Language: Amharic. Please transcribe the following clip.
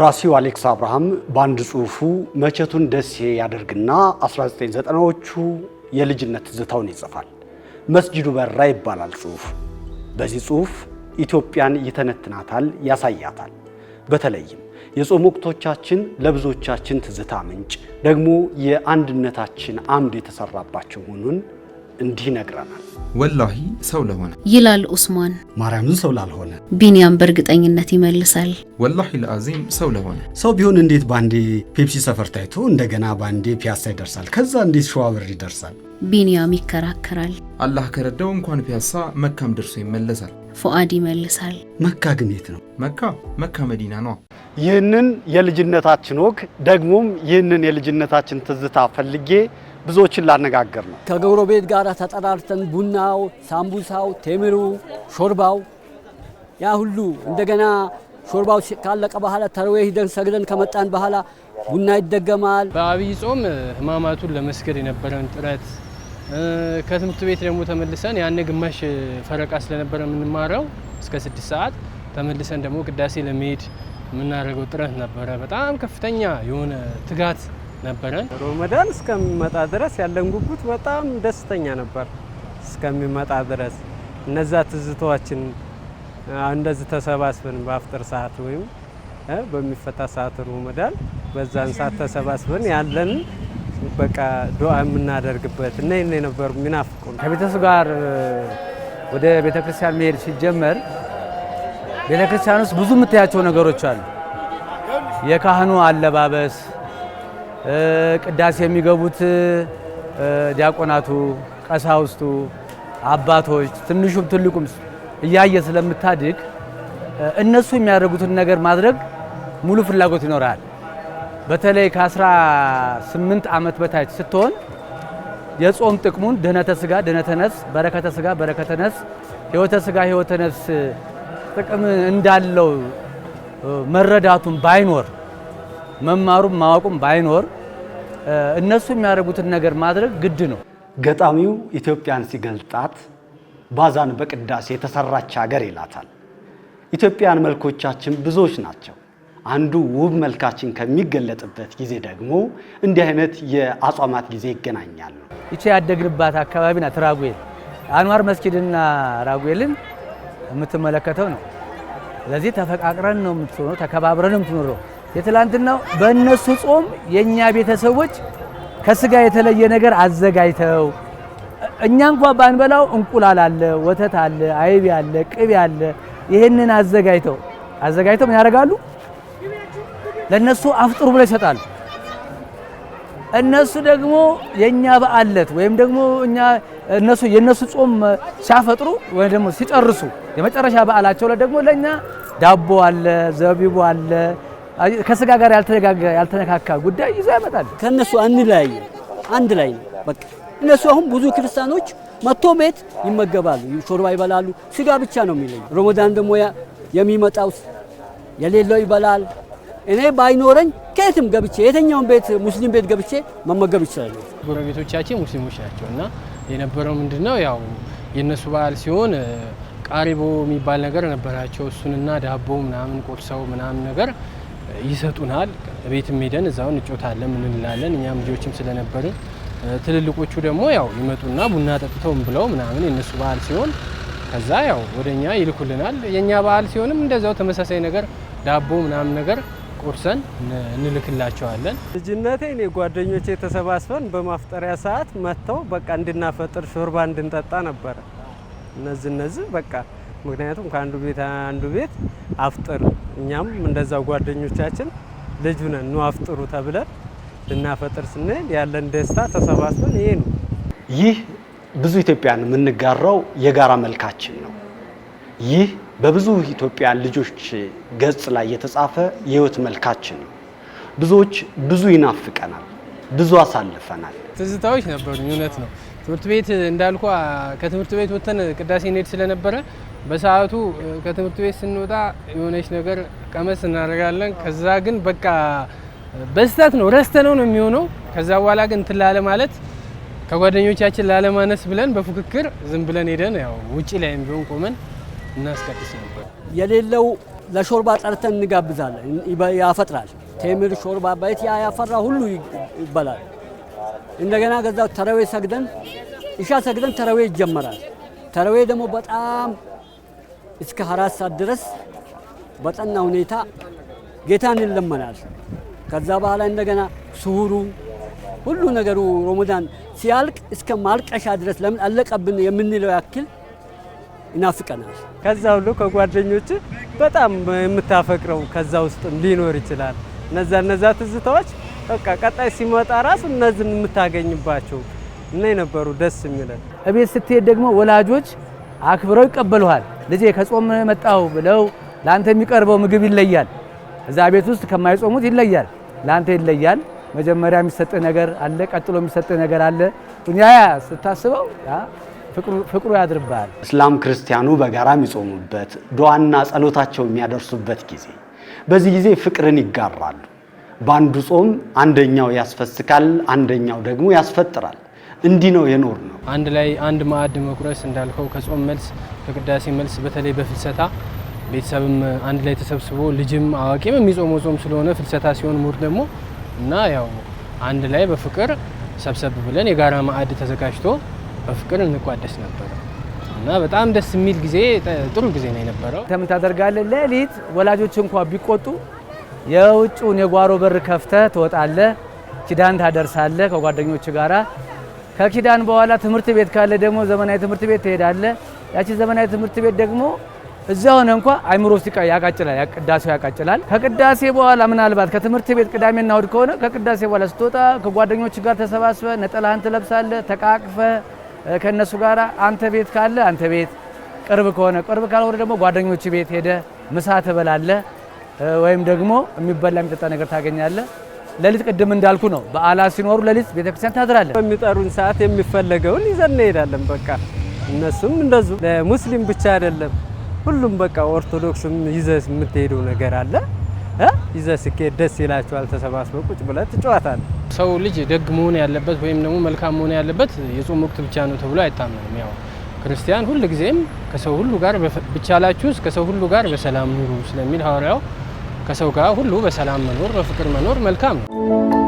ደራሲው አሌክስ አብርሃም በአንድ ጽሑፉ መቼቱን ደሴ ያደርግና 1990ዎቹ የልጅነት ትዝታውን ይጽፋል። መስጂዱ በራ ይባላል ጽሑፉ። በዚህ ጽሑፍ ኢትዮጵያን ይተነትናታል፣ ያሳያታል። በተለይም የጾም ወቅቶቻችን ለብዙዎቻችን ትዝታ ምንጭ ደግሞ የአንድነታችን አምድ የተሰራባቸው መሆኑን እንዲህ ይነግረናል። ወላሂ ሰው ለሆነ ይላል ኡስማን። ማርያምን ሰው ላልሆነ ቢንያም በእርግጠኝነት ይመልሳል። ወላሂ ለአዚም ሰው ለሆነ ሰው ቢሆን እንዴት ባንዴ ፔፕሲ ሰፈር ታይቶ እንደገና ባንዴ ፒያሳ ይደርሳል? ከዛ እንዴት ሸዋብር ይደርሳል? ቢንያም ይከራከራል። አላህ ከረዳው እንኳን ፒያሳ መካም ደርሶ ይመለሳል። ፉአድ ይመልሳል። መካ ግን የት ነው? መካ መካ መዲና ነው። ይህንን የልጅነታችን ወግ ደግሞም ይህንን የልጅነታችን ትዝታ ፈልጌ ብዙዎችን ላነጋገር ነው። ከጎረቤት ጋር ተጠራርተን ቡናው፣ ሳምቡሳው፣ ቴምሩ፣ ሾርባው ያ ሁሉ እንደገና ሾርባው ካለቀ በኋላ ተርዌ ሂደን ሰግደን ከመጣን በኋላ ቡና ይደገማል። በአብይ ጾም ህማማቱን ለመስገድ የነበረን ጥረት ከትምህርት ቤት ደግሞ ተመልሰን ያን ግማሽ ፈረቃ ስለነበረ የምንማረው እስከ ስድስት ሰዓት ተመልሰን ደግሞ ቅዳሴ ለመሄድ የምናደርገው ጥረት ነበረ። በጣም ከፍተኛ የሆነ ትጋት ነበረ። ሮመዳን እስከሚመጣ ድረስ ያለን ጉጉት በጣም ደስተኛ ነበር። እስከሚመጣ ድረስ እነዛ ትዝታዎችን እንደዚህ ተሰባስበን በአፍጥር ሰዓት ወይም በሚፈታ ሰዓት ሮመዳን በዛን ሰዓት ተሰባስበን ያለን በቃ ዱዓ የምናደርግበት እና የነበሩ የሚናፍቁ ከቤተሰብ ጋር ወደ ቤተክርስቲያን መሄድ ሲጀመር ቤተክርስቲያን ውስጥ ብዙ የምታያቸው ነገሮች አሉ። የካህኑ አለባበስ ቅዳሴ የሚገቡት ዲያቆናቱ፣ ቀሳውስቱ፣ አባቶች ትንሹም ትልቁም እያየ ስለምታድግ እነሱ የሚያደርጉትን ነገር ማድረግ ሙሉ ፍላጎት ይኖራል። በተለይ ከ18 ዓመት በታች ስትሆን የጾም ጥቅሙን ድህነተ ስጋ ድህነተ ነፍስ፣ በረከተ ስጋ በረከተ ነፍስ፣ ህይወተ ስጋ ህይወተ ነፍስ ጥቅም እንዳለው መረዳቱን ባይኖር መማሩም ማወቁም ባይኖር እነሱ የሚያደርጉትን ነገር ማድረግ ግድ ነው። ገጣሚው ኢትዮጵያን ሲገልጣት ባዛን በቅዳሴ የተሰራች ሀገር ይላታል። ኢትዮጵያን መልኮቻችን ብዙዎች ናቸው። አንዱ ውብ መልካችን ከሚገለጥበት ጊዜ ደግሞ እንዲህ አይነት የአጽዋማት ጊዜ ይገናኛሉ። ይቺ ያደግንባት አካባቢ ናት። ራጉኤል አንዋር መስጊድና ራጉኤልን የምትመለከተው ነው። ስለዚህ ተፈቃቅረን ነው የምትኖረው፣ ተከባብረን ነው የምትኖረው። የትላንትናው በእነሱ ጾም የእኛ ቤተሰቦች ከስጋ የተለየ ነገር አዘጋጅተው እኛ እንኳ ባንበላው እንቁላል አለ፣ ወተት አለ፣ አይብ አለ፣ ቅቤ አለ። ይህንን አዘጋጅተው አዘጋጅተው ምን ያደርጋሉ? ለእነሱ አፍጥሩ ብለው ይሰጣሉ። እነሱ ደግሞ የእኛ በዓለት ወይም ደግሞ እኛ እነሱ የእነሱ ጾም ሲያፈጥሩ ወይም ደግሞ ሲጨርሱ የመጨረሻ በዓላቸው ላይ ደግሞ ለእኛ ዳቦ አለ፣ ዘቢቡ አለ ከስጋ ጋር ያልተነካካ ጉዳይ ይዞ ያመጣል። ከእነሱ ላይ አንድ ላይ በቃ። እነሱ አሁን ብዙ ክርስቲያኖች መቶ ቤት ይመገባሉ፣ ሾርባ ይበላሉ። ስጋ ብቻ ነው የሚለኝ። ሮመዳን ደግሞ የሚመጣው የሌለው ይበላል። እኔ ባይኖረኝ ከየትም ገብቼ የተኛውን ቤት ሙስሊም ቤት ገብቼ መመገብ ይችላል። ጎረቤቶቻችን ሙስሊሞች ናቸው እና የነበረው ምንድን ነው ያው የእነሱ በዓል ሲሆን ቃሪቦ የሚባል ነገር ነበራቸው። እሱንና ዳቦ ምናምን ቆርሰው ምናምን ነገር ይሰጡናል። ቤትም ሄደን እዛውን እንጮታለን፣ ምን እንላለን። እኛም ልጆችም ስለነበሩ ትልልቆቹ ደግሞ ያው ይመጡና ቡና ጠጥተውም ብለው ምናምን የነሱ በዓል ሲሆን ከዛ ያው ወደ እኛ ይልኩልናል። የእኛ በዓል ሲሆንም እንደዛው ተመሳሳይ ነገር ዳቦ ምናምን ነገር ቆርሰን እንልክላቸዋለን። ልጅነቴ እኔ ጓደኞቼ ተሰባስበን በማፍጠሪያ ሰዓት መጥተው በቃ እንድናፈጥር ሾርባ እንድንጠጣ ነበረ። እነዚህ እነዚህ በቃ ምክንያቱም ከአንዱ ቤት አንዱ ቤት አፍጥር እኛም እንደዛው ጓደኞቻችን ልጁ ነን ኑ አፍጥሩ ተብለን ልናፈጥር ስንል ያለን ደስታ ተሰባስበን ይሄ ነው። ይህ ብዙ ኢትዮጵያን የምንጋራው የጋራ መልካችን ነው። ይህ በብዙ ኢትዮጵያን ልጆች ገጽ ላይ የተጻፈ የህይወት መልካችን ነው። ብዙዎች ብዙ ይናፍቀናል፣ ብዙ አሳልፈናል። ትዝታዎች ነበሩ፣ እውነት ነው። ትምህርት ቤት እንዳልኳ ከትምህርት ቤት ወጥተን ቅዳሴ እንሄድ ስለነበረ በሰዓቱ ከትምህርት ቤት ስንወጣ የሆነች ነገር ቀመስ እናደርጋለን። ከዛ ግን በቃ በስታት ነው ረስተ ነው ነው የሚሆነው። ከዛ በኋላ ግን እንትን ላለ ማለት ከጓደኞቻችን ላለማነስ ብለን በፉክክር ዝም ብለን ሄደን ያው ውጭ ላይም ቢሆን ቆመን እናስቀድስ ነበር። የሌለው ለሾርባ ጠርተን እንጋብዛለን። ያፈጥራል ቴምር ሾርባ ቤት ያፈራ ሁሉ ይበላል። እንደገና ከዛ ተረዌ ሰግደን እሻ ሰግደን ተረዌ ይጀመራል። ተረዌ ደግሞ በጣም እስከ አራት ሰዓት ድረስ በጠና ሁኔታ ጌታን ይለመናል። ከዛ በኋላ እንደገና ስሁሩ ሁሉ ነገሩ ሮመዳን ሲያልቅ እስከ ማልቀሻ ድረስ ለምን አለቀብን የምንለው ያክል ይናፍቀናል። ከዛ ሁሉ ከጓደኞች በጣም የምታፈቅረው ከዛ ውስጥ ሊኖር ይችላል። እነዛ እነዛ ትዝታዎች በቃ ቀጣይ ሲመጣ ራሱ እነዚህን የምታገኝባቸው እና የነበሩ ደስ የሚለን። እቤት ስትሄድ ደግሞ ወላጆች አክብረው ይቀበሉሃል። ልጄ ከጾም መጣው ብለው ለአንተ የሚቀርበው ምግብ ይለያል። እዛ ቤት ውስጥ ከማይጾሙት ይለያል፣ ለአንተ ይለያል። መጀመሪያ የሚሰጥ ነገር አለ፣ ቀጥሎ የሚሰጥ ነገር አለ። ያ ስታስበው ፍቅሩ ያድርብሃል። እስላም ክርስቲያኑ በጋራ የሚጾሙበት ዱዓና ጸሎታቸው የሚያደርሱበት ጊዜ፣ በዚህ ጊዜ ፍቅርን ይጋራሉ። በአንዱ ጾም አንደኛው ያስፈስካል፣ አንደኛው ደግሞ ያስፈጥራል። እንዲህ ነው የኖር ነው። አንድ ላይ አንድ ማዕድ መቁረስ እንዳልከው ከጾም መልስ ከቅዳሴ መልስ በተለይ በፍልሰታ ቤተሰብም አንድ ላይ ተሰብስቦ ልጅም አዋቂም የሚጾመው ጾም ስለሆነ ፍልሰታ ሲሆን ሙር ደግሞ እና ያው አንድ ላይ በፍቅር ሰብሰብ ብለን የጋራ ማዕድ ተዘጋጅቶ በፍቅር እንቋደስ ነበር እና በጣም ደስ የሚል ጊዜ ጥሩ ጊዜ ነው የነበረው። ተምን ታደርጋለህ ሌሊት ወላጆች እንኳ ቢቆጡ የውጭውን የጓሮ በር ከፍተ ትወጣለ ኪዳን ታደርሳለ ከጓደኞች ጋራ። ከኪዳን በኋላ ትምህርት ቤት ካለ ደግሞ ዘመናዊ ትምህርት ቤት ትሄዳለ ያቺ ዘመናዊ ትምህርት ቤት ደግሞ እዛ ሆነ እንኳ አይምሮ ውስጥ ያቃጭላል፣ ቅዳሴው ያቃጭላል። ከቅዳሴ በኋላ ምናልባት ከትምህርት ቤት ቅዳሜና እሁድ ከሆነ ከቅዳሴ በኋላ ስትወጣ ከጓደኞች ጋር ተሰባስበ ነጠላህን ትለብሳለህ፣ ተቃቅፈ ከእነሱ ጋር አንተ ቤት ካለ አንተ ቤት ቅርብ ከሆነ ቅርብ ካልሆነ ደግሞ ጓደኞች ቤት ሄደ ምሳ ትበላለህ። ወይም ደግሞ የሚበላ የሚጠጣ ነገር ታገኛለ። ለሊት ቅድም እንዳልኩ ነው፣ በዓላት ሲኖሩ ለሊት ቤተክርስቲያን ታድራለን። በሚጠሩን ሰዓት የሚፈለገውን ይዘን እንሄዳለን። በቃ እነሱም እንደዙ ለሙስሊም ብቻ አይደለም፣ ሁሉም በቃ ኦርቶዶክስም ይዘ የምትሄደው ነገር አለ። ይዘ ስኬት ደስ ይላቸዋል። ተሰባስበው ቁጭ ብለት ጨዋታል። ሰው ልጅ ደግ መሆን ያለበት ወይም ደግሞ መልካም መሆን ያለበት የጾም ወቅት ብቻ ነው ተብሎ አይታመንም። ያው ክርስቲያን ጊዜም ከሰው ሁሉ ጋር ብቻላችሁስ ከሰው ሁሉ ጋር በሰላም ኑሩ ስለሚል ሐዋርያው ከሰው ጋር ሁሉ በሰላም መኖር በፍቅር መኖር መልካም ነው።